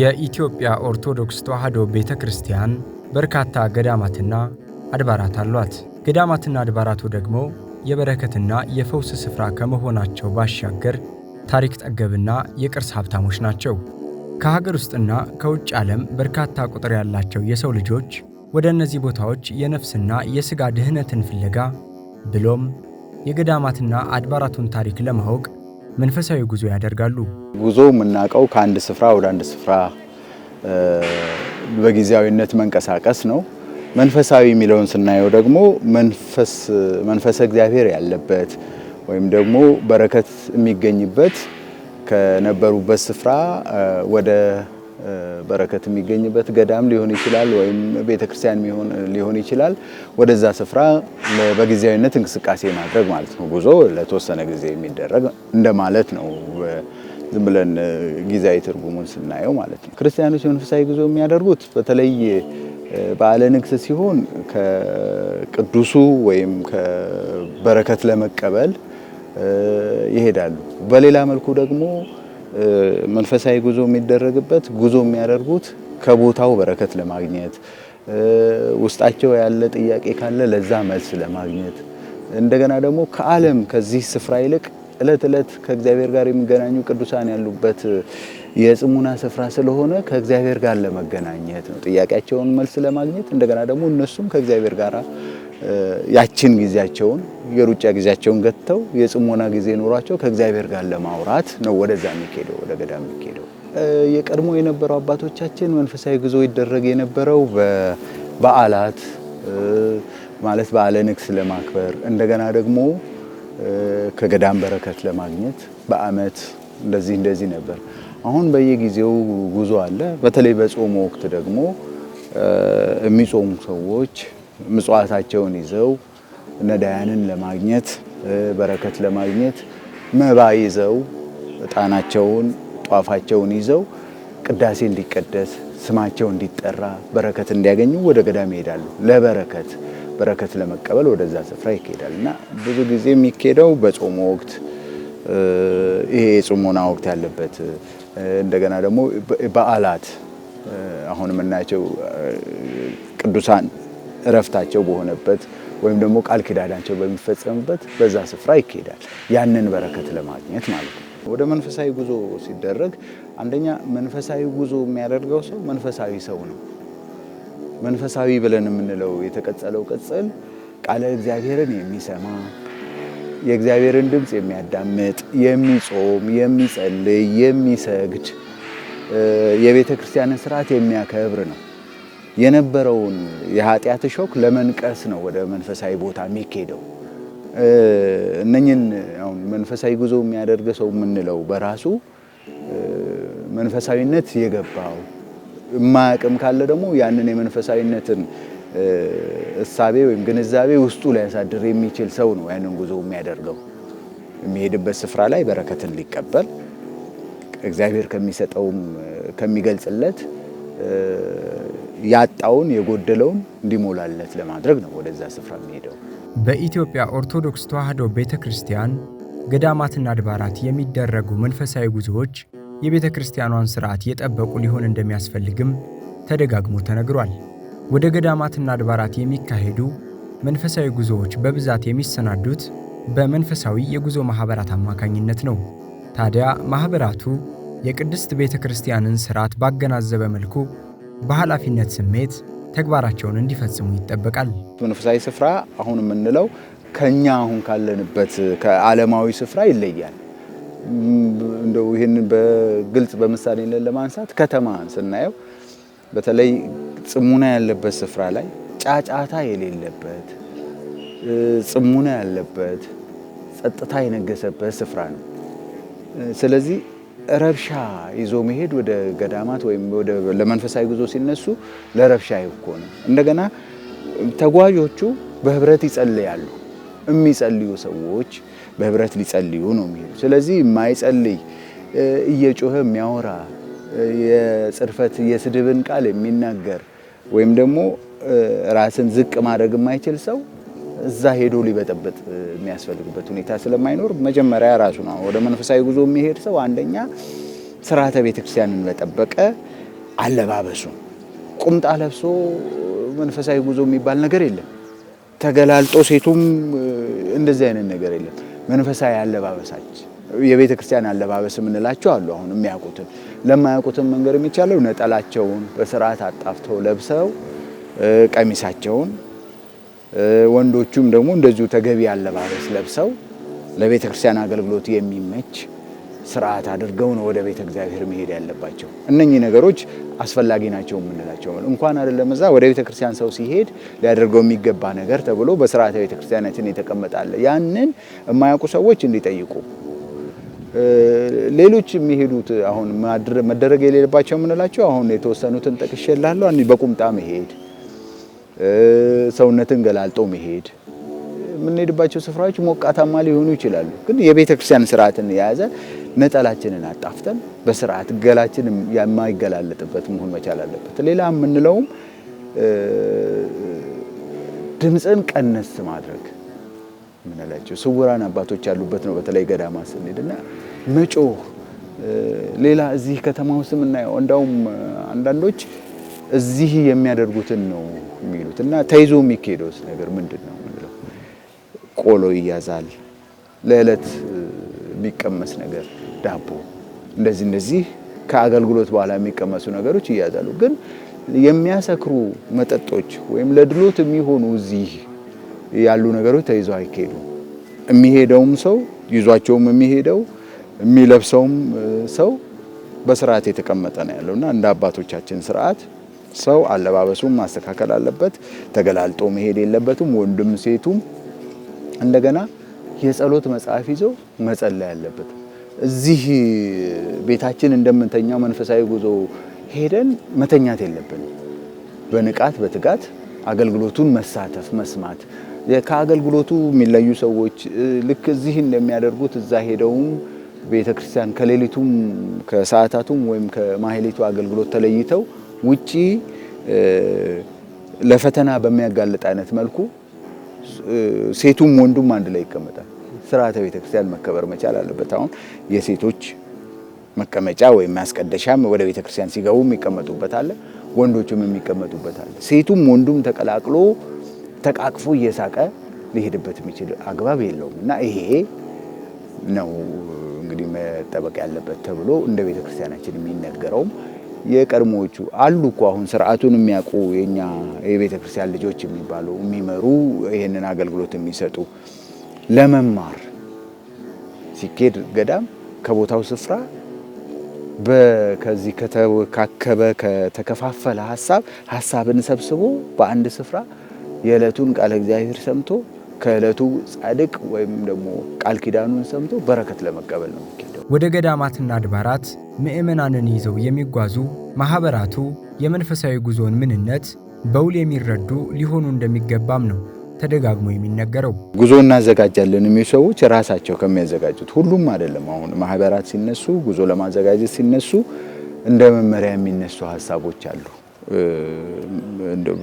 የኢትዮጵያ ኦርቶዶክስ ተዋሕዶ ቤተ ክርስቲያን በርካታ ገዳማትና አድባራት አሏት። ገዳማትና አድባራቱ ደግሞ የበረከትና የፈውስ ስፍራ ከመሆናቸው ባሻገር ታሪክ ጠገብና የቅርስ ሀብታሞች ናቸው። ከሀገር ውስጥና ከውጭ ዓለም በርካታ ቁጥር ያላቸው የሰው ልጆች ወደ እነዚህ ቦታዎች የነፍስና የሥጋ ድህነትን ፍለጋ ብሎም የገዳማትና አድባራቱን ታሪክ ለማወቅ መንፈሳዊ ጉዞ ያደርጋሉ። ጉዞ የምናውቀው ከአንድ ስፍራ ወደ አንድ ስፍራ በጊዜያዊነት መንቀሳቀስ ነው። መንፈሳዊ የሚለውን ስናየው ደግሞ መንፈስ መንፈሰ እግዚአብሔር ያለበት ወይም ደግሞ በረከት የሚገኝበት ከነበሩበት ስፍራ ወደ በረከት የሚገኝበት ገዳም ሊሆን ይችላል፣ ወይም ቤተክርስቲያን ሊሆን ይችላል። ወደዛ ስፍራ በጊዜያዊነት እንቅስቃሴ ማድረግ ማለት ነው። ጉዞ ለተወሰነ ጊዜ የሚደረግ እንደማለት ነው። ዝም ብለን ጊዜያዊ ትርጉሙን ስናየው ማለት ነው። ክርስቲያኖች መንፈሳዊ ጉዞ የሚያደርጉት በተለይ በዓለ ንግስ ሲሆን ከቅዱሱ ወይም ከበረከት ለመቀበል ይሄዳሉ። በሌላ መልኩ ደግሞ መንፈሳዊ ጉዞ የሚደረግበት ጉዞ የሚያደርጉት ከቦታው በረከት ለማግኘት ውስጣቸው ያለ ጥያቄ ካለ ለዛ መልስ ለማግኘት እንደገና ደግሞ ከዓለም ከዚህ ስፍራ ይልቅ እለት እለት ከእግዚአብሔር ጋር የሚገናኙ ቅዱሳን ያሉበት የጽሙና ስፍራ ስለሆነ ከእግዚአብሔር ጋር ለመገናኘት ነው፣ ጥያቄያቸውን መልስ ለማግኘት እንደገና ደግሞ እነሱም ከእግዚአብሔር ጋር ያችን ጊዜያቸውን የሩጫ ጊዜያቸውን ገጥተው የጽሞና ጊዜ ኖሯቸው ከእግዚአብሔር ጋር ለማውራት ነው ወደዛ የሚሄደው ወደ ገዳም የሚሄደው። የቀድሞ የነበረው አባቶቻችን መንፈሳዊ ጉዞ ይደረግ የነበረው በበዓላት ማለት በዓለ ንግስ ለማክበር እንደገና ደግሞ ከገዳም በረከት ለማግኘት በአመት እንደዚህ እንደዚህ ነበር። አሁን በየጊዜው ጉዞ አለ። በተለይ በጾሙ ወቅት ደግሞ የሚጾሙ ሰዎች ምጽዋታቸውን ይዘው ነዳያንን ለማግኘት በረከት ለማግኘት መባ ይዘው እጣናቸውን ጧፋቸውን ይዘው ቅዳሴ እንዲቀደስ ስማቸው እንዲጠራ በረከት እንዲያገኙ ወደ ገዳም ይሄዳሉ ለበረከት በረከት ለመቀበል ወደዛ ስፍራ ይካሄዳል እና ብዙ ጊዜ የሚካሄደው በጾሙ ወቅት ይሄ የጽሞና ወቅት ያለበት እንደገና ደግሞ በዓላት አሁን የምናያቸው ቅዱሳን እረፍታቸው በሆነበት ወይም ደግሞ ቃል ኪዳዳቸው በሚፈጸምበት በዛ ስፍራ ይካሄዳል። ያንን በረከት ለማግኘት ማለት ነው። ወደ መንፈሳዊ ጉዞ ሲደረግ አንደኛ መንፈሳዊ ጉዞ የሚያደርገው ሰው መንፈሳዊ ሰው ነው። መንፈሳዊ ብለን የምንለው የተቀጸለው ቅጽል ቃለ እግዚአብሔርን የሚሰማ የእግዚአብሔርን ድምፅ የሚያዳምጥ፣ የሚጾም፣ የሚጸልይ፣ የሚሰግድ የቤተ ክርስቲያንን ስርዓት የሚያከብር ነው። የነበረውን የኃጢአት እሾክ ለመንቀስ ነው ወደ መንፈሳዊ ቦታ የሚኬደው። እነኝን መንፈሳዊ ጉዞ የሚያደርግ ሰው የምንለው በራሱ መንፈሳዊነት የገባው የማያቅም ካለ ደግሞ ያንን የመንፈሳዊነትን እሳቤ ወይም ግንዛቤ ውስጡ ሊያሳድር የሚችል ሰው ነው ያንን ጉዞ የሚያደርገው። የሚሄድበት ስፍራ ላይ በረከትን ሊቀበል እግዚአብሔር ከሚሰጠውም ከሚገልጽለት ያጣውን የጎደለውን እንዲሞላለት ለማድረግ ነው ወደዛ ስፍራ የሚሄደው። በኢትዮጵያ ኦርቶዶክስ ተዋሕዶ ቤተ ክርስቲያን ገዳማትና አድባራት የሚደረጉ መንፈሳዊ ጉዞዎች የቤተ ክርስቲያኗን ሥርዓት የጠበቁ ሊሆን እንደሚያስፈልግም ተደጋግሞ ተነግሯል። ወደ ገዳማትና አድባራት የሚካሄዱ መንፈሳዊ ጉዞዎች በብዛት የሚሰናዱት በመንፈሳዊ የጉዞ ማኅበራት አማካኝነት ነው። ታዲያ ማኅበራቱ የቅድስት ቤተ ክርስቲያንን ሥርዓት ባገናዘበ መልኩ በኃላፊነት ስሜት ተግባራቸውን እንዲፈጽሙ ይጠበቃል። መንፈሳዊ ስፍራ አሁን የምንለው ከእኛ አሁን ካለንበት ከዓለማዊ ስፍራ ይለያል። እንደው ይህን በግልጽ በምሳሌነት ለማንሳት ከተማ ስናየው በተለይ ጽሙና ያለበት ስፍራ ላይ ጫጫታ የሌለበት ጽሙና ያለበት ጸጥታ የነገሰበት ስፍራ ነው። ስለዚህ ረብሻ ይዞ መሄድ ወደ ገዳማት ወይም ለመንፈሳዊ ጉዞ ሲነሱ ለረብሻ ይኮ ነው። እንደገና ተጓዦቹ በህብረት ይጸልያሉ። የሚጸልዩ ሰዎች በህብረት ሊጸልዩ ነው የሚሄዱ። ስለዚህ የማይጸልይ እየጮኸ የሚያወራ የጽርፈት የስድብን ቃል የሚናገር ወይም ደግሞ ራስን ዝቅ ማድረግ የማይችል ሰው እዛ ሄዶ ሊበጠበጥ የሚያስፈልግበት ሁኔታ ስለማይኖር መጀመሪያ ራሱ ነው ወደ መንፈሳዊ ጉዞ የሚሄድ ሰው አንደኛ ስርዓተ ቤተክርስቲያንን በጠበቀ አለባበሱ ቁምጣ ለብሶ መንፈሳዊ ጉዞ የሚባል ነገር የለም። ተገላልጦ ሴቱም እንደዚህ አይነት ነገር የለም። መንፈሳዊ አለባበሳች የቤተ ክርስቲያን አለባበስ የምንላቸው አሉ። አሁን የሚያውቁትን ለማያውቁትን መንገድ የሚቻለው ነጠላቸውን በስርዓት አጣፍተው ለብሰው ቀሚሳቸውን፣ ወንዶቹም ደግሞ እንደዚሁ ተገቢ አለባበስ ለብሰው ለቤተ ክርስቲያን አገልግሎት የሚመች ስርዓት አድርገው ነው ወደ ቤተ እግዚአብሔር መሄድ ያለባቸው። እነኚህ ነገሮች አስፈላጊ ናቸው የምንላቸው እንኳን አይደለም እዛ ወደ ቤተ ክርስቲያን ሰው ሲሄድ ሊያደርገው የሚገባ ነገር ተብሎ በስርዓተ ቤተ ክርስቲያናችን የተቀመጣለ ያንን የማያውቁ ሰዎች እንዲጠይቁ ሌሎች የሚሄዱት አሁን መደረግ የሌለባቸው የምንላቸው አሁን የተወሰኑትን ጠቅሼላለሁ። በቁምጣ መሄድ፣ ሰውነትን ገላልጦ መሄድ የምንሄድባቸው ስፍራዎች ሞቃታማ ሊሆኑ ይችላሉ። ግን የቤተ ክርስቲያን ስርዓትን የያዘ ነጠላችንን አጣፍተን በስርዓት ገላችን የማይገላለጥበት መሆን መቻል አለበት። ሌላ የምንለውም ድምፅን ቀነስ ማድረግ ምንላቸው ስውራን አባቶች ያሉበት ነው። በተለይ ገዳማ ስንሄድና መጮህ ሌላ እዚህ ከተማ ውስጥ የምናየው እንዳውም አንዳንዶች እዚህ የሚያደርጉትን ነው የሚሉት እና ተይዞ የሚካሄደው ነገር ምንድን ነው የምንለው ቆሎ ይያዛል ለዕለት የሚቀመስ ነገር ዳቦ፣ እንደዚህ እንደዚህ ከአገልግሎት በኋላ የሚቀመሱ ነገሮች ይያዛሉ። ግን የሚያሰክሩ መጠጦች ወይም ለድሎት የሚሆኑ እዚህ ያሉ ነገሮች ተይዞ አይካሄዱ። የሚሄደውም ሰው ይዟቸውም የሚሄደው የሚለብሰውም ሰው በስርዓት የተቀመጠ ነው ያለው እና እንደ አባቶቻችን ስርዓት ሰው አለባበሱም ማስተካከል አለበት። ተገላልጦ መሄድ የለበትም። ወንድም ሴቱም እንደገና የጸሎት መጽሐፍ ይዞ መጸለይ ያለበት። እዚህ ቤታችን እንደምንተኛው መንፈሳዊ ጉዞ ሄደን መተኛት የለብን። በንቃት በትጋት አገልግሎቱን መሳተፍ፣ መስማት ከአገልግሎቱ የሚለዩ ሰዎች ልክ እዚህ እንደሚያደርጉት እዛ ሄደውም ቤተ ክርስቲያን ከሌሊቱም ከሰዓታቱም ወይም ከማህሌቱ አገልግሎት ተለይተው ውጪ ለፈተና በሚያጋልጥ አይነት መልኩ ሴቱም ወንዱም አንድ ላይ ይቀመጣል። ስርዓተ ቤተክርስቲያን መከበር መቻል አለበት። አሁን የሴቶች መቀመጫ ወይም ማስቀደሻም ወደ ቤተክርስቲያን ሲገቡ የሚቀመጡበት አለ፣ ወንዶችም የሚቀመጡበት አለ። ሴቱም ወንዱም ተቀላቅሎ ተቃቅፎ እየሳቀ ሊሄድበት የሚችል አግባብ የለውም እና ይሄ ነው እንግዲህ መጠበቅ ያለበት ተብሎ እንደ ቤተክርስቲያናችን የሚነገረውም የቀድሞዎቹ አሉ እኮ አሁን ስርዓቱን የሚያውቁ የኛ የቤተ ክርስቲያን ልጆች የሚባሉ የሚመሩ ይህንን አገልግሎት የሚሰጡ ለመማር ሲኬድ ገዳም ከቦታው ስፍራ ከዚህ ከተካከበ ከተከፋፈለ ሀሳብ ሀሳብን ሰብስቦ በአንድ ስፍራ የዕለቱን ቃለ እግዚአብሔር ሰምቶ ከዕለቱ ጻድቅ ወይም ደግሞ ቃል ኪዳኑን ሰምቶ በረከት ለመቀበል ነው የሚኬደው። ወደ ገዳማትና አድባራት ምእመናንን ይዘው የሚጓዙ ማኅበራቱ የመንፈሳዊ ጉዞውን ምንነት በውል የሚረዱ ሊሆኑ እንደሚገባም ነው ተደጋግሞ የሚነገረው። ጉዞ እናዘጋጃለን የሚሉ ሰዎች ራሳቸው ከሚያዘጋጁት ሁሉም አይደለም። አሁን ማህበራት ሲነሱ፣ ጉዞ ለማዘጋጀት ሲነሱ እንደ መመሪያ የሚነሱ ሀሳቦች አሉ።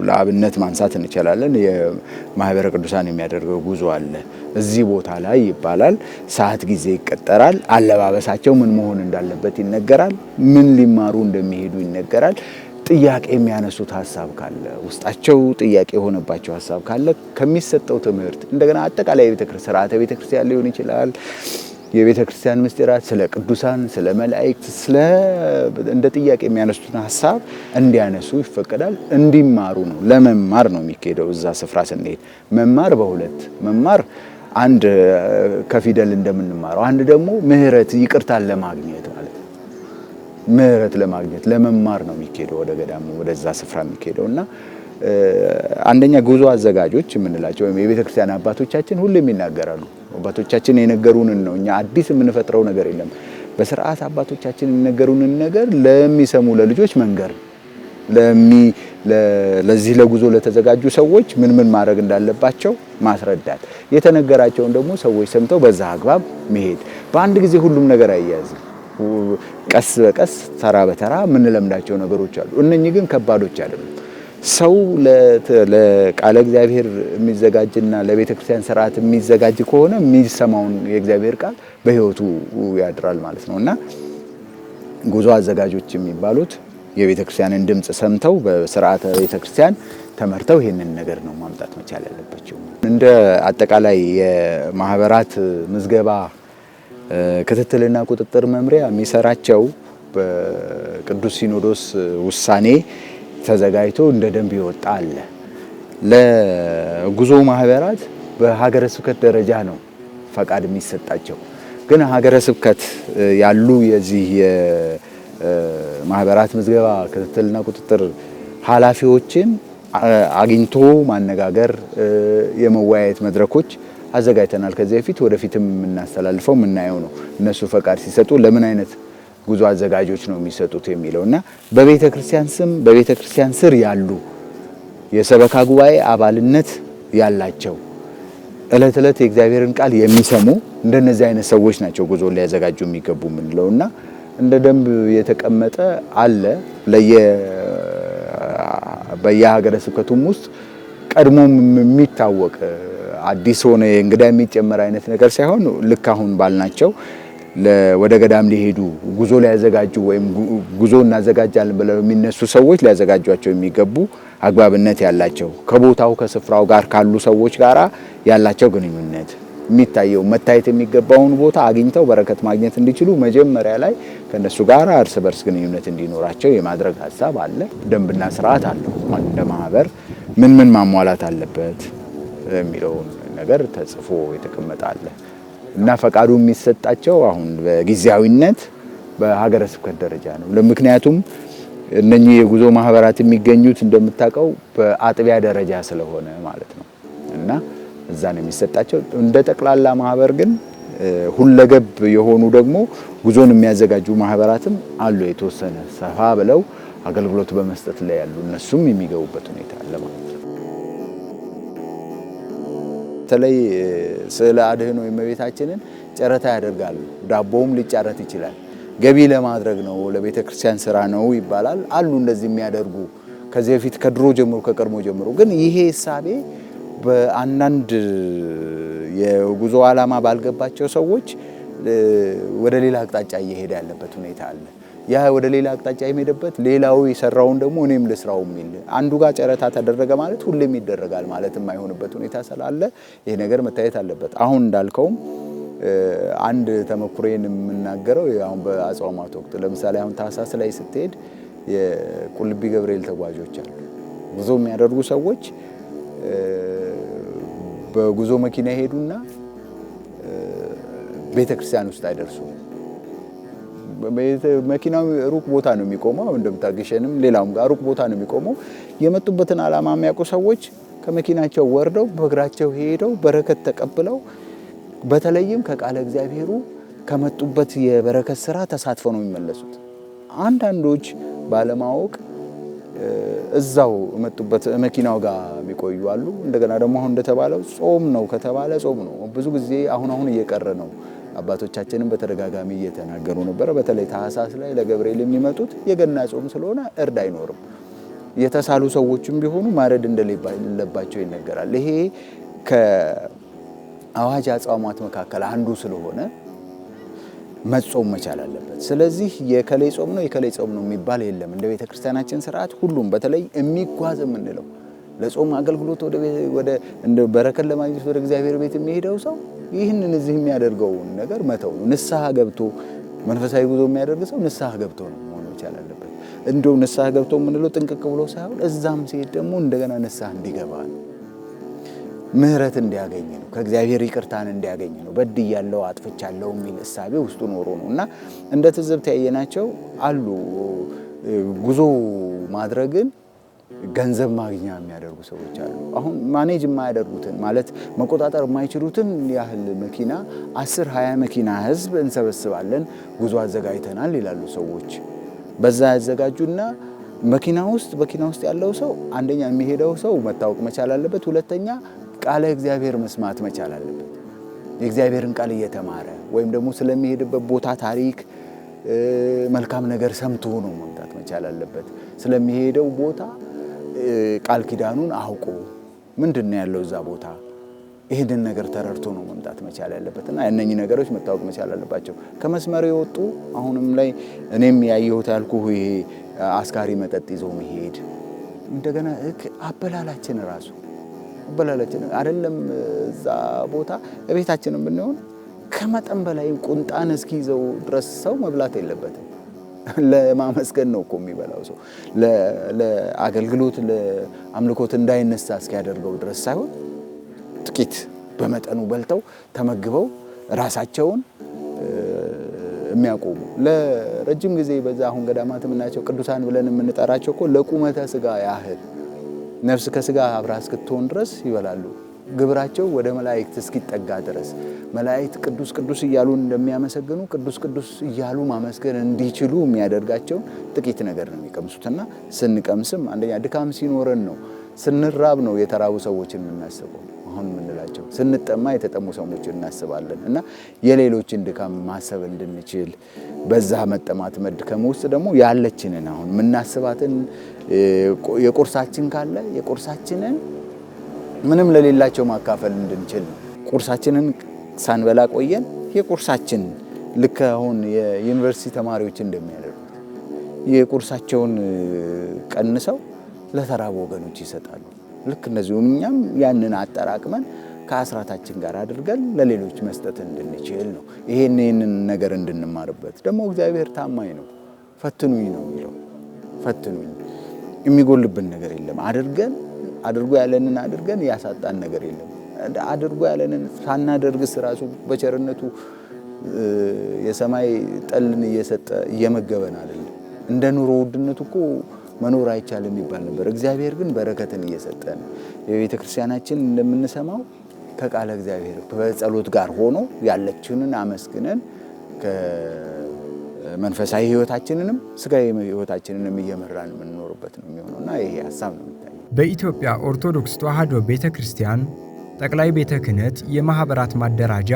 ለአብነት ማንሳት እንችላለን። የማህበረ ቅዱሳን የሚያደርገው ጉዞ አለ። እዚህ ቦታ ላይ ይባላል። ሰዓት ጊዜ ይቀጠራል። አለባበሳቸው ምን መሆን እንዳለበት ይነገራል። ምን ሊማሩ እንደሚሄዱ ይነገራል። ጥያቄ የሚያነሱት ሀሳብ ካለ ውስጣቸው ጥያቄ የሆነባቸው ሀሳብ ካለ ከሚሰጠው ትምህርት እንደገና አጠቃላይ ስርዓተ ቤተክርስቲያን ሊሆን ይችላል። የቤተ ክርስቲያን ምስጢራት፣ ስለ ቅዱሳን፣ ስለ መላእክት፣ ስለ እንደ ጥያቄ የሚያነሱትን ሀሳብ እንዲያነሱ ይፈቀዳል። እንዲማሩ ነው፣ ለመማር ነው የሚካሄደው። እዛ ስፍራ ስንሄድ መማር በሁለት መማር አንድ ከፊደል እንደምንማረው አንድ ደግሞ ምሕረት ይቅርታን ለማግኘት ምህረት ለማግኘት ለመማር ነው የሚሄደው ወደ ገዳም ወደዛ ስፍራ የሚካሄደው እና አንደኛ ጉዞ አዘጋጆች የምንላቸው ወይም የቤተ ክርስቲያን አባቶቻችን ሁሌም ይናገራሉ። አባቶቻችን የነገሩንን ነው። እኛ አዲስ የምንፈጥረው ነገር የለም። በስርዓት አባቶቻችን የነገሩንን ነገር ለሚሰሙ ለልጆች መንገር ለሚ ለዚህ ለጉዞ ለተዘጋጁ ሰዎች ምን ምን ማድረግ እንዳለባቸው ማስረዳት፣ የተነገራቸውን ደግሞ ሰዎች ሰምተው በዛ አግባብ መሄድ። በአንድ ጊዜ ሁሉም ነገር አያያዝም። ቀስ በቀስ ተራ በተራ የምንለምዳቸው ነገሮች አሉ። እነኚህ ግን ከባዶች አይደሉም። ሰው ለቃለ እግዚአብሔር የሚዘጋጅና ለቤተ ክርስቲያን ስርዓት የሚዘጋጅ ከሆነ የሚሰማውን የእግዚአብሔር ቃል በሕይወቱ ያድራል ማለት ነው እና ጉዞ አዘጋጆች የሚባሉት የቤተ ክርስቲያንን ድምፅ ሰምተው በስርዓተ ቤተ ክርስቲያን ተመርተው ይህንን ነገር ነው ማምጣት መቻል ያለባቸው። እንደ አጠቃላይ የማህበራት ምዝገባ ክትትልና ቁጥጥር መምሪያ የሚሰራቸው በቅዱስ ሲኖዶስ ውሳኔ ተዘጋጅቶ እንደ ደንብ ይወጣ አለ። ለጉዞ ማህበራት በሀገረ ስብከት ደረጃ ነው ፈቃድ የሚሰጣቸው። ግን ሀገረ ስብከት ያሉ የዚህ የማህበራት ምዝገባ ክትትልና ቁጥጥር ኃላፊዎችን አግኝቶ ማነጋገር የመወያየት መድረኮች አዘጋጅተናል። ከዚህ በፊት ወደፊትም የምናስተላልፈው የምናየው ነው። እነሱ ፈቃድ ሲሰጡ ለምን አይነት ጉዞ አዘጋጆች ነው የሚሰጡት የሚለው እና በቤተ ክርስቲያን ስም በቤተ ክርስቲያን ስር ያሉ የሰበካ ጉባኤ አባልነት ያላቸው እለት እለት የእግዚአብሔርን ቃል የሚሰሙ እንደነዚህ አይነት ሰዎች ናቸው ጉዞ ሊያዘጋጁ የሚገቡ የምንለው እና እንደ ደንብ የተቀመጠ አለ ለየ በየሀገረ ስብከቱም ውስጥ ቀድሞም የሚታወቅ አዲስ ሆነ እንግዳ የሚጨመር አይነት ነገር ሳይሆን ልክ አሁን ባልናቸው ወደ ገዳም ሊሄዱ ጉዞ ሊያዘጋጁ ወይም ጉዞ እናዘጋጃለን ብለው የሚነሱ ሰዎች ሊያዘጋጇቸው የሚገቡ አግባብነት ያላቸው ከቦታው ከስፍራው ጋር ካሉ ሰዎች ጋር ያላቸው ግንኙነት የሚታየው መታየት የሚገባውን ቦታ አግኝተው በረከት ማግኘት እንዲችሉ መጀመሪያ ላይ ከነሱ ጋር እርስ በርስ ግንኙነት እንዲኖራቸው የማድረግ ሀሳብ አለ። ደንብና ስርዓት አለው። እንደ ማህበር ምን ምን ማሟላት አለበት የሚለውን ነገር ተጽፎ የተቀመጠ እና ፈቃዱ የሚሰጣቸው አሁን በጊዜያዊነት በሀገረ ስብከት ደረጃ ነው። ምክንያቱም እነኚህ የጉዞ ማህበራት የሚገኙት እንደምታውቀው በአጥቢያ ደረጃ ስለሆነ ማለት ነው እና እዛ ነው የሚሰጣቸው። እንደ ጠቅላላ ማህበር ግን ሁለገብ የሆኑ ደግሞ ጉዞን የሚያዘጋጁ ማህበራትም አሉ። የተወሰነ ሰፋ ብለው አገልግሎት በመስጠት ላይ ያሉ እነሱም የሚገቡበት ሁኔታ አለ ማለት ነው። በተለይ ስዕለ አድኅኖ የመቤታችንን ጨረታ ያደርጋሉ። ዳቦውም ሊጫረት ይችላል። ገቢ ለማድረግ ነው፣ ለቤተ ክርስቲያን ስራ ነው ይባላል። አሉ እንደዚህ የሚያደርጉ ከዚህ በፊት ከድሮ ጀምሮ ከቀድሞ ጀምሮ። ግን ይሄ እሳቤ በአንዳንድ የጉዞ ዓላማ ባልገባቸው ሰዎች ወደ ሌላ አቅጣጫ እየሄደ ያለበት ሁኔታ አለ። ያ ወደ ሌላ አቅጣጫ የሚሄድበት ሌላው የሰራውን ደግሞ እኔም ልስራው የሚል አንዱ ጋር ጨረታ ተደረገ ማለት ሁሌም ይደረጋል ማለት የማይሆንበት ሁኔታ ስላለ ይሄ ነገር መታየት አለበት። አሁን እንዳልከውም አንድ ተመኩሬን የምናገረው አሁን በአጽዋማት ወቅት ለምሳሌ አሁን ታህሳስ ላይ ስትሄድ የቁልቢ ገብርኤል ተጓዦች አሉ። ጉዞ የሚያደርጉ ሰዎች በጉዞ መኪና ይሄዱና ቤተክርስቲያን ውስጥ አይደርሱም። መኪናው ሩቅ ቦታ ነው የሚቆመው። እንደምታገሸንም ሌላውም ጋር ሩቅ ቦታ ነው የሚቆመው። የመጡበትን ዓላማ የሚያውቁ ሰዎች ከመኪናቸው ወርደው በእግራቸው ሄደው በረከት ተቀብለው በተለይም ከቃለ እግዚአብሔሩ ከመጡበት የበረከት ስራ ተሳትፎ ነው የሚመለሱት። አንዳንዶች ባለማወቅ እዛው መጡበት መኪናው ጋር የሚቆዩ አሉ። እንደገና ደግሞ አሁን እንደተባለው ጾም ነው ከተባለ ጾም ነው ብዙ ጊዜ አሁን አሁን እየቀረ ነው አባቶቻችንም በተደጋጋሚ እየተናገሩ ነበረ። በተለይ ታህሳስ ላይ ለገብርኤል የሚመጡት የገና ጾም ስለሆነ እርድ አይኖርም። የተሳሉ ሰዎችም ቢሆኑ ማረድ እንደሌለባቸው ይነገራል። ይሄ ከአዋጅ አጽዋማት መካከል አንዱ ስለሆነ መጾም መቻል አለበት። ስለዚህ የከሌ ጾም ነው የከሌ ጾም ነው የሚባል የለም። እንደ ቤተ ክርስቲያናችን ስርዓት ሁሉም በተለይ የሚጓዝ የምንለው ለጾም አገልግሎት ወደ በረከት ለማግኘት ወደ እግዚአብሔር ቤት የሚሄደው ሰው ይህንን እዚህ የሚያደርገውን ነገር መተው ነው። ንስሐ ገብቶ መንፈሳዊ ጉዞ የሚያደርግ ሰው ንስሐ ገብቶ ነው መሆን መቻል አለበት። እንደው ንስሐ ገብቶ የምንለው ጥንቅቅ ብሎ ሳይሆን እዛም ሲሄድ ደግሞ እንደገና ንስሐ እንዲገባ ነው። ምህረት እንዲያገኝ ነው። ከእግዚአብሔር ይቅርታን እንዲያገኝ ነው። በድያለሁ፣ አጥፍቻለሁ የሚል እሳቤ ውስጡ ኖሮ ነው እና እንደ ትዝብት ያየናቸው አሉ ጉዞ ማድረግን ገንዘብ ማግኛ የሚያደርጉ ሰዎች አሉ። አሁን ማኔጅ የማያደርጉትን ማለት መቆጣጠር የማይችሉትን ያህል መኪና አስር ሀያ መኪና ህዝብ እንሰበስባለን ጉዞ አዘጋጅተናል ይላሉ ሰዎች። በዛ ያዘጋጁና መኪና ውስጥ መኪና ውስጥ ያለው ሰው አንደኛ የሚሄደው ሰው መታወቅ መቻል አለበት። ሁለተኛ ቃለ እግዚአብሔር መስማት መቻል አለበት። የእግዚአብሔርን ቃል እየተማረ ወይም ደግሞ ስለሚሄድበት ቦታ ታሪክ መልካም ነገር ሰምቶ ነው መምጣት መቻል አለበት። ስለሚሄደው ቦታ ቃል ኪዳኑን አውቆ ምንድን ነው ያለው እዛ ቦታ ይህንን ነገር ተረድቶ ነው መምጣት መቻል ያለበት እና እነኚህ ነገሮች መታወቅ መቻል አለባቸው። ከመስመር የወጡ አሁንም ላይ እኔም ያየሁት ያልኩ ይሄ አስካሪ መጠጥ ይዞ መሄድ እንደገና አበላላችን ራሱ አበላላችን አይደለም እዛ ቦታ እቤታችንም ብንሆን ከመጠን በላይ ቁንጣን እስኪይዘው ድረስ ሰው መብላት የለበትም። ለማመስገን ነው እኮ የሚበላው ሰው ለአገልግሎት ለአምልኮት እንዳይነሳ እስኪያደርገው ድረስ ሳይሆን ጥቂት በመጠኑ በልተው ተመግበው ራሳቸውን የሚያቆሙ ለረጅም ጊዜ በዛ አሁን ገዳማት የምናያቸው ቅዱሳን ብለን የምንጠራቸው እኮ ለቁመተ ስጋ ያህል ነፍስ ከስጋ አብራ እስክትሆን ድረስ ይበላሉ። ግብራቸው ወደ መላእክት እስኪጠጋ ድረስ መላእክት ቅዱስ ቅዱስ እያሉ እንደሚያመሰግኑ ቅዱስ ቅዱስ እያሉ ማመስገን እንዲችሉ የሚያደርጋቸውን ጥቂት ነገር ነው የሚቀምሱትና ስንቀምስም አንደኛ ድካም ሲኖረን ነው። ስንራብ ነው የተራቡ ሰዎችን የምናስበው አሁን የምንላቸው። ስንጠማ የተጠሙ ሰዎች እናስባለን እና የሌሎችን ድካም ማሰብ እንድንችል በዛ መጠማት መድከም ውስጥ ደግሞ ያለችንን አሁን የምናስባትን የቁርሳችን ካለ የቁርሳችንን ምንም ለሌላቸው ማካፈል እንድንችል ነው። ቁርሳችንን ሳንበላ ቆየን። የቁርሳችን ልክ አሁን የዩኒቨርሲቲ ተማሪዎች እንደሚያደርጉት የቁርሳቸውን ቀንሰው ለተራቡ ወገኖች ይሰጣሉ። ልክ እነዚሁ እኛም ያንን አጠራቅመን ከአስራታችን ጋር አድርገን ለሌሎች መስጠት እንድንችል ነው። ይሄን ይህንን ነገር እንድንማርበት ደግሞ እግዚአብሔር ታማኝ ነው። ፈትኑኝ ነው የሚለው። ፈትኑኝ የሚጎልብን ነገር የለም አድርገን አድርጎ ያለንን አድርገን ያሳጣን ነገር የለም። አድርጎ ያለንን ሳናደርግስ ራሱ በቸርነቱ የሰማይ ጠልን እየሰጠ እየመገበን አይደለም። እንደ ኑሮ ውድነቱ እኮ መኖር አይቻልም የሚባል ነበር። እግዚአብሔር ግን በረከትን እየሰጠን የቤተ ክርስቲያናችን እንደምንሰማው ከቃለ እግዚአብሔር በጸሎት ጋር ሆኖ ያለችንን አመስግነን መንፈሳዊ ሕይወታችንንም ስጋዊ ሕይወታችንንም እየመራን የምንኖርበት ነው የሚሆነው እና ይሄ ሀሳብ ነው። በኢትዮጵያ ኦርቶዶክስ ተዋሕዶ ቤተ ክርስቲያን ጠቅላይ ቤተ ክህነት የማኅበራት ማደራጃ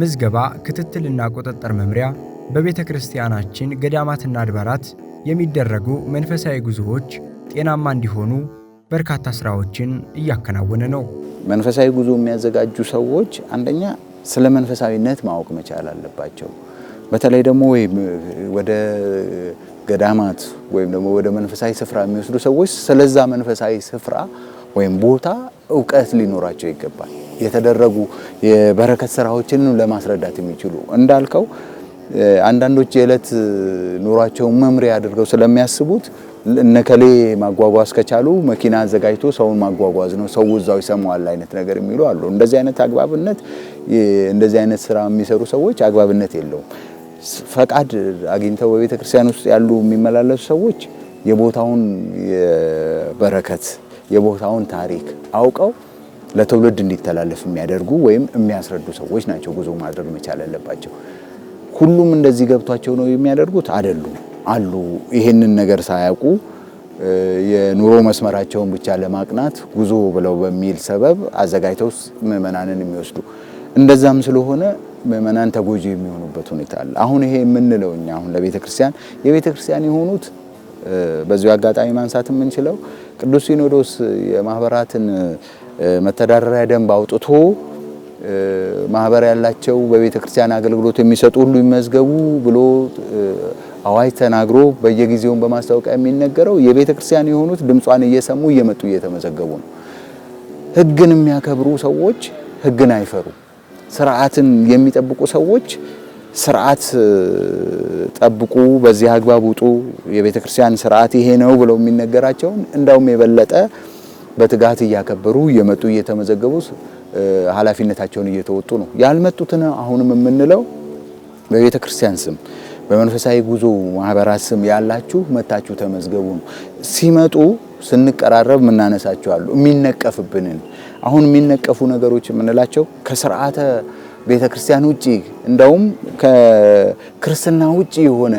ምዝገባ ክትትልና ቁጥጥር መምሪያ በቤተ ክርስቲያናችን ገዳማትና አድባራት የሚደረጉ መንፈሳዊ ጉዞዎች ጤናማ እንዲሆኑ በርካታ ስራዎችን እያከናወነ ነው። መንፈሳዊ ጉዞ የሚያዘጋጁ ሰዎች አንደኛ ስለ መንፈሳዊነት ማወቅ መቻል አለባቸው። በተለይ ደግሞ ወደ ገዳማት ወይም ደግሞ ወደ መንፈሳዊ ስፍራ የሚወስዱ ሰዎች ስለዛ መንፈሳዊ ስፍራ ወይም ቦታ እውቀት ሊኖራቸው ይገባል። የተደረጉ የበረከት ስራዎችን ለማስረዳት የሚችሉ እንዳልከው አንዳንዶች የዕለት ኑሯቸውን መምሪያ አድርገው ስለሚያስቡት እነከሌ ማጓጓዝ ከቻሉ መኪና አዘጋጅቶ ሰውን ማጓጓዝ ነው፣ ሰው እዛው ይሰማዋል አይነት ነገር የሚሉ አሉ። እንደዚህ አይነት አግባብነት እንደዚህ አይነት ስራ የሚሰሩ ሰዎች አግባብነት የለውም። ፈቃድ አግኝተው በቤተ ክርስቲያን ውስጥ ያሉ የሚመላለሱ ሰዎች የቦታውን በረከት የቦታውን ታሪክ አውቀው ለትውልድ እንዲተላለፍ የሚያደርጉ ወይም የሚያስረዱ ሰዎች ናቸው ጉዞ ማድረግ መቻል ያለባቸው። ሁሉም እንደዚህ ገብቷቸው ነው የሚያደርጉት አይደሉም። አሉ ይሄንን ነገር ሳያውቁ የኑሮ መስመራቸውን ብቻ ለማቅናት ጉዞ ብለው በሚል ሰበብ አዘጋጅተው ምዕመናንን የሚወስዱ እንደዛም ስለሆነ ምእመናን ተጎጂ የሚሆኑበት ሁኔታ አለ። አሁን ይሄ የምንለው እኛ አሁን ለቤተ ክርስቲያን የቤተ ክርስቲያን የሆኑት በዚሁ አጋጣሚ ማንሳት የምንችለው ቅዱስ ሲኖዶስ የማህበራትን መተዳደሪያ ደንብ አውጥቶ ማህበር ያላቸው በቤተ ክርስቲያን አገልግሎት የሚሰጡ ሁሉ ይመዝገቡ ብሎ አዋጅ ተናግሮ በየጊዜውን በማስታወቂያ የሚነገረው የቤተ ክርስቲያን የሆኑት ድምጿን እየሰሙ እየመጡ እየተመዘገቡ ነው። ህግን የሚያከብሩ ሰዎች ህግን አይፈሩም። ስርዓትን የሚጠብቁ ሰዎች ስርዓት ጠብቁ፣ በዚህ አግባብ ውጡ፣ የቤተ ክርስቲያን ስርዓት ይሄ ነው ብለው የሚነገራቸውን እንዳውም የበለጠ በትጋት እያከበሩ እየመጡ እየተመዘገቡ ኃላፊነታቸውን እየተወጡ ነው። ያልመጡትን አሁንም የምንለው በቤተ ክርስቲያን ስም በመንፈሳዊ ጉዞ ማህበራት ስም ያላችሁ መታችሁ ተመዝገቡ ነው። ሲመጡ ስንቀራረብ ምናነሳቸዋሉ የሚነቀፍብንን አሁን የሚነቀፉ ነገሮች የምንላቸው ከስርዓተ ቤተ ክርስቲያን ውጪ እንደውም ከክርስትና ውጪ የሆነ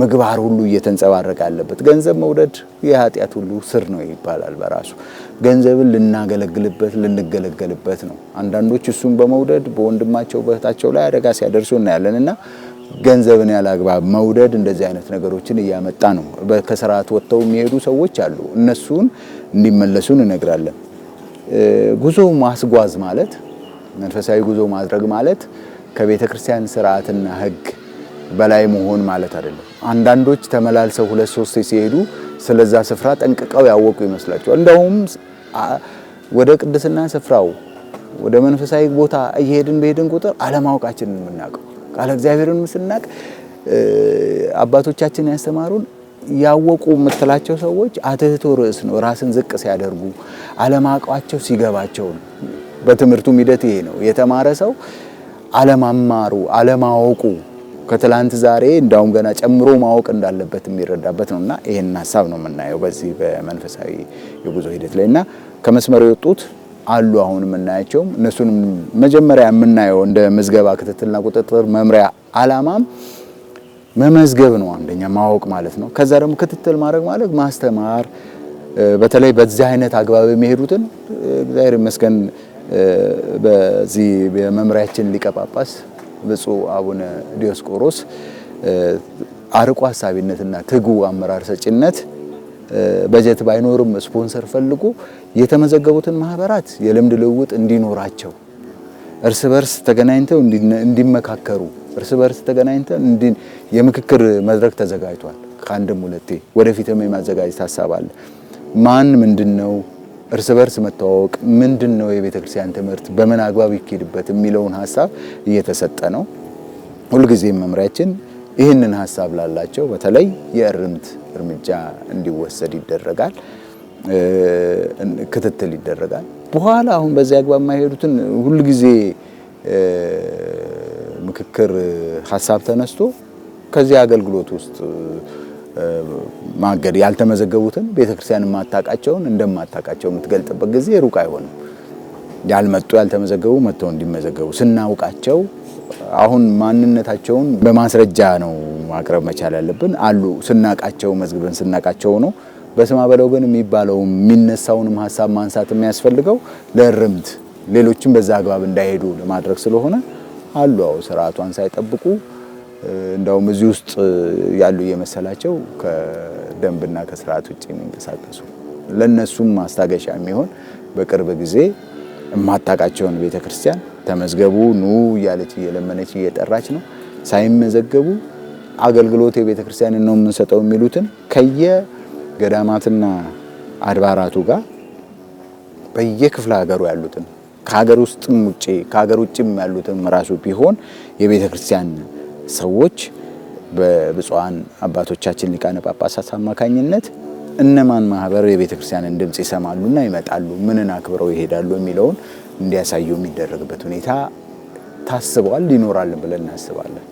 ምግባር ሁሉ እየተንጸባረቀ ያለበት ገንዘብ መውደድ የኃጢአት ሁሉ ስር ነው ይባላል። በራሱ ገንዘብን ልናገለግልበት ልንገለገልበት ነው። አንዳንዶች እሱን በመውደድ በወንድማቸው በእህታቸው ላይ አደጋ ሲያደርሱ እናያለን እና ገንዘብን ያለ አግባብ መውደድ እንደዚህ አይነት ነገሮችን እያመጣ ነው። ከስርዓት ወጥተው የሚሄዱ ሰዎች አሉ። እነሱን እንዲመለሱ እንነግራለን። ጉዞ ማስጓዝ ማለት መንፈሳዊ ጉዞ ማድረግ ማለት ከቤተ ክርስቲያን ስርዓትና ሕግ በላይ መሆን ማለት አይደለም። አንዳንዶች ተመላልሰው ሁለት ሶስት ሲሄዱ ስለዛ ስፍራ ጠንቅቀው ያወቁ ይመስላቸዋል። እንደውም ወደ ቅድስና ስፍራው ወደ መንፈሳዊ ቦታ እየሄድን በሄድን ቁጥር አለማወቃችንን የምናውቀው ቃለ እግዚአብሔርን ስናቅ አባቶቻችን ያስተማሩን ያወቁ የምትላቸው ሰዎች አትህቶ ርዕስ ነው። ራስን ዝቅ ሲያደርጉ አለማቋቸው ሲገባቸው ነው። በትምህርቱም ሂደት ይሄ ነው። የተማረ ሰው አለማማሩ፣ አለማወቁ ከትላንት ዛሬ እንዳውም ገና ጨምሮ ማወቅ እንዳለበት የሚረዳበት ነው እና ይህን ሀሳብ ነው የምናየው በዚህ በመንፈሳዊ የጉዞ ሂደት ላይ እና ከመስመር የወጡት አሉ አሁን የምናያቸውም እነሱንም መጀመሪያ የምናየው እንደ ምዝገባ ክትትልና ቁጥጥር መምሪያ አላማም መመዝገብ ነው አንደኛ ማወቅ ማለት ነው። ከዛ ደግሞ ክትትል ማድረግ ማለት ማስተማር፣ በተለይ በዚህ አይነት አግባብ የሚሄዱትን እግዚአብሔር ይመስገን በዚህ የመምሪያችን ሊቀ ጳጳስ ብፁዕ አቡነ ዲዮስቆሮስ አርቆ ሀሳቢነትና ትጉ አመራር ሰጭነት በጀት ባይኖርም ስፖንሰር ፈልጉ የተመዘገቡትን ማህበራት የልምድ ልውውጥ እንዲኖራቸው እርስ በርስ ተገናኝተው እንዲመካከሩ እርስ በርስ ተገናኝተን እንዲህ የምክክር መድረክ ተዘጋጅቷል። ከአንድም ሁለቴ ወደፊትም የማዘጋጀት ሀሳብ አለ። ማን ምንድን ነው እርስ በርስ መተዋወቅ ምንድን ነው የቤተ ክርስቲያን ትምህርት በምን አግባብ ይኬድበት የሚለውን ሀሳብ እየተሰጠ ነው። ሁልጊዜም መምሪያችን ይህንን ሀሳብ ላላቸው በተለይ የእርምት እርምጃ እንዲወሰድ ይደረጋል፣ ክትትል ይደረጋል። በኋላ አሁን በዚህ አግባብ የማይሄዱትን ሁልጊዜ ምክክር ሀሳብ ተነስቶ ከዚህ አገልግሎት ውስጥ ማገድ ያልተመዘገቡትን ቤተክርስቲያን የማታቃቸውን እንደማታቃቸው የምትገልጥበት ጊዜ ሩቅ አይሆንም። ያልመጡ ያልተመዘገቡ መጥተው እንዲመዘገቡ ስናውቃቸው አሁን ማንነታቸውን በማስረጃ ነው ማቅረብ መቻል ያለብን። አሉ ስናቃቸው መዝግበን ስናቃቸው ነው። በስማ በለው ግን የሚባለው የሚነሳውንም ሀሳብ ማንሳት የሚያስፈልገው ለርምት ሌሎችም በዛ አግባብ እንዳይሄዱ ለማድረግ ስለሆነ አሉ። አዎ ስርዓቷን ሳይጠብቁ እንደውም እዚህ ውስጥ ያሉ እየመሰላቸው ከደንብና ከስርዓት ውጭ የሚንቀሳቀሱ ለነሱም ማስታገሻ የሚሆን በቅርብ ጊዜ የማታውቃቸውን ቤተ ክርስቲያን ተመዝገቡ ኑ እያለች እየለመነች እየጠራች ነው። ሳይመዘገቡ አገልግሎት የቤተ ክርስቲያንን ነው የምንሰጠው የሚሉትን ከየ ገዳማትና አድባራቱ ጋር በየክፍለ ሀገሩ ያሉትን ከሀገር ውስጥም ውጭ ከሀገር ውጭም ያሉትም ራሱ ቢሆን የቤተ ክርስቲያን ሰዎች በብፁዓን አባቶቻችን ሊቃነ ጳጳሳት አማካኝነት እነማን ማህበር የቤተ ክርስቲያንን ድምፅ ይሰማሉና ይመጣሉ፣ ምንን አክብረው ይሄዳሉ የሚለውን እንዲያሳዩ የሚደረግበት ሁኔታ ታስበዋል፣ ይኖራል ብለን እናስባለን።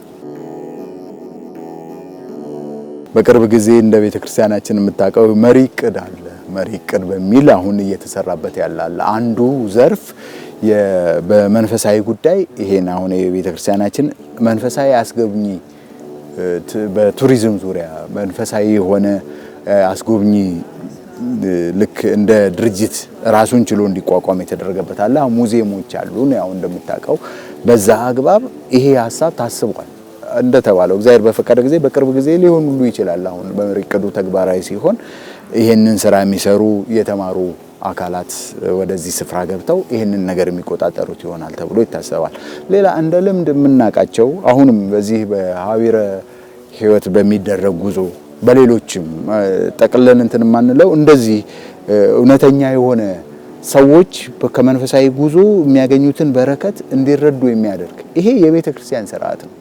በቅርብ ጊዜ እንደ ቤተ ክርስቲያናችን የምታውቀው መሪ እቅድ አለ። መሪ እቅድ በሚል አሁን እየተሰራበት ያላለ አንዱ ዘርፍ በመንፈሳዊ ጉዳይ ይሄን አሁን የቤተክርስቲያናችን መንፈሳዊ አስጎብኚ በቱሪዝም ዙሪያ መንፈሳዊ የሆነ አስጎብኚ ልክ እንደ ድርጅት ራሱን ችሎ እንዲቋቋም የተደረገበት አለ። ሙዚየሞች አሉን። ያው እንደምታውቀው በዛ አግባብ ይሄ ሀሳብ ታስቧል። እንደተባለው እግዚአብሔር በፈቀደ ጊዜ በቅርብ ጊዜ ሊሆን ሁሉ ይችላል። አሁን በእቅዱ ተግባራዊ ሲሆን ይህንን ስራ የሚሰሩ የተማሩ አካላት ወደዚህ ስፍራ ገብተው ይህንን ነገር የሚቆጣጠሩት ይሆናል ተብሎ ይታሰባል። ሌላ እንደ ልምድ የምናውቃቸው አሁንም በዚህ በሀቢረ ህይወት በሚደረግ ጉዞ በሌሎችም ጠቅለን እንትን የማንለው እንደዚህ እውነተኛ የሆነ ሰዎች ከመንፈሳዊ ጉዞ የሚያገኙትን በረከት እንዲረዱ የሚያደርግ ይሄ የቤተ ክርስቲያን ስርዓት ነው።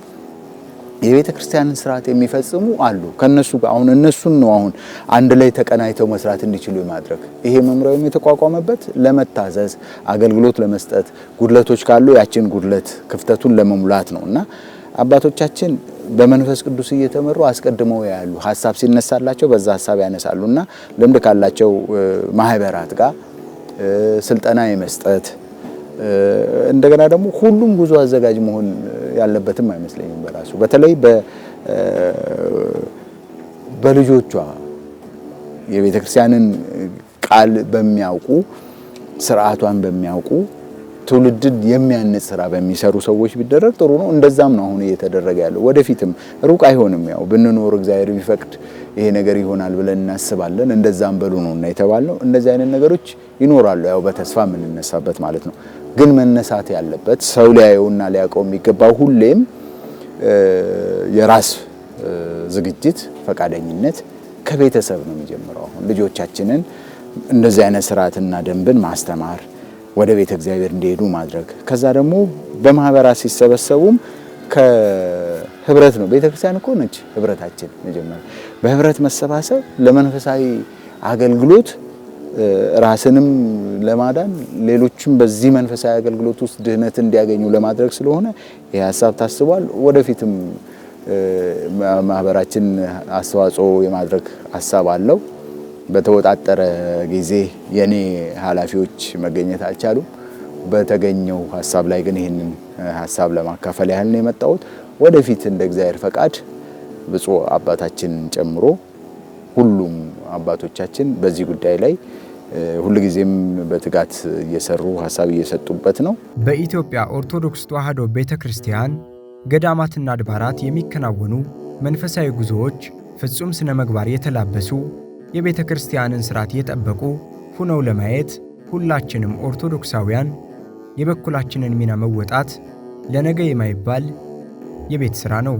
የቤተ ክርስቲያንን ስርዓት የሚፈጽሙ አሉ። ከነሱ ጋር አሁን እነሱን ነው አሁን አንድ ላይ ተቀናይተው መስራት እንዲችሉ የማድረግ ይሄ መምሪያውም የተቋቋመበት ለመታዘዝ አገልግሎት ለመስጠት ጉድለቶች ካሉ ያችን ጉድለት ክፍተቱን ለመሙላት ነው እና አባቶቻችን በመንፈስ ቅዱስ እየተመሩ አስቀድመው ያሉ ሀሳብ ሲነሳላቸው በዛ ሀሳብ ያነሳሉ እና ልምድ ካላቸው ማህበራት ጋር ስልጠና የመስጠት እንደገና ደግሞ ሁሉም ጉዞ አዘጋጅ መሆን ያለበትም አይመስለኝም። በራሱ በተለይ በልጆቿ የቤተ ክርስቲያንን ቃል በሚያውቁ ስርዓቷን በሚያውቁ ትውልድን የሚያንጽ ስራ በሚሰሩ ሰዎች ቢደረግ ጥሩ ነው። እንደዛም ነው አሁን እየተደረገ ያለው። ወደፊትም ሩቅ አይሆንም። ያው ብንኖር እግዚአብሔር ቢፈቅድ ይሄ ነገር ይሆናል ብለን እናስባለን። እንደዛም በሉ ነው እና የተባለው። እንደዚህ አይነት ነገሮች ይኖራሉ። ያው በተስፋ የምንነሳበት ማለት ነው። ግን መነሳት ያለበት ሰው ሊያየውና ሊያውቀው የሚገባው ሁሌም የራስ ዝግጅት፣ ፈቃደኝነት ከቤተሰብ ነው የሚጀምረው። አሁን ልጆቻችንን እንደዚህ አይነት ስርዓትና ደንብን ማስተማር፣ ወደ ቤተ እግዚአብሔር እንዲሄዱ ማድረግ፣ ከዛ ደግሞ በማህበራት ሲሰበሰቡም ከህብረት ነው። ቤተክርስቲያን እኮ ነች ህብረታችን መጀመሪያ። በህብረት መሰባሰብ ለመንፈሳዊ አገልግሎት ራስንም ለማዳን ሌሎችም በዚህ መንፈሳዊ አገልግሎት ውስጥ ድህነት እንዲያገኙ ለማድረግ ስለሆነ ይህ ሀሳብ ታስቧል። ወደፊትም ማህበራችን አስተዋጽኦ የማድረግ ሀሳብ አለው። በተወጣጠረ ጊዜ የኔ ኃላፊዎች መገኘት አልቻሉም። በተገኘው ሀሳብ ላይ ግን ይህንን ሀሳብ ለማካፈል ያህል ነው የመጣሁት። ወደፊት እንደ እግዚአብሔር ፈቃድ ብፁዕ አባታችን ጨምሮ ሁሉም አባቶቻችን በዚህ ጉዳይ ላይ ጊዜም በትጋት እየሰሩ ሀሳብ እየሰጡበት ነው። በኢትዮጵያ ኦርቶዶክስ ተዋሕዶ ቤተ ክርስቲያን ገዳማትና አድባራት የሚከናወኑ መንፈሳዊ ጉዞዎች ፍጹም ስነ ምግባር የተላበሱ የቤተ ክርስቲያንን ስርዓት የጠበቁ ሁነው ለማየት ሁላችንም ኦርቶዶክሳውያን የበኩላችንን ሚና መወጣት ለነገ የማይባል የቤት ሥራ ነው።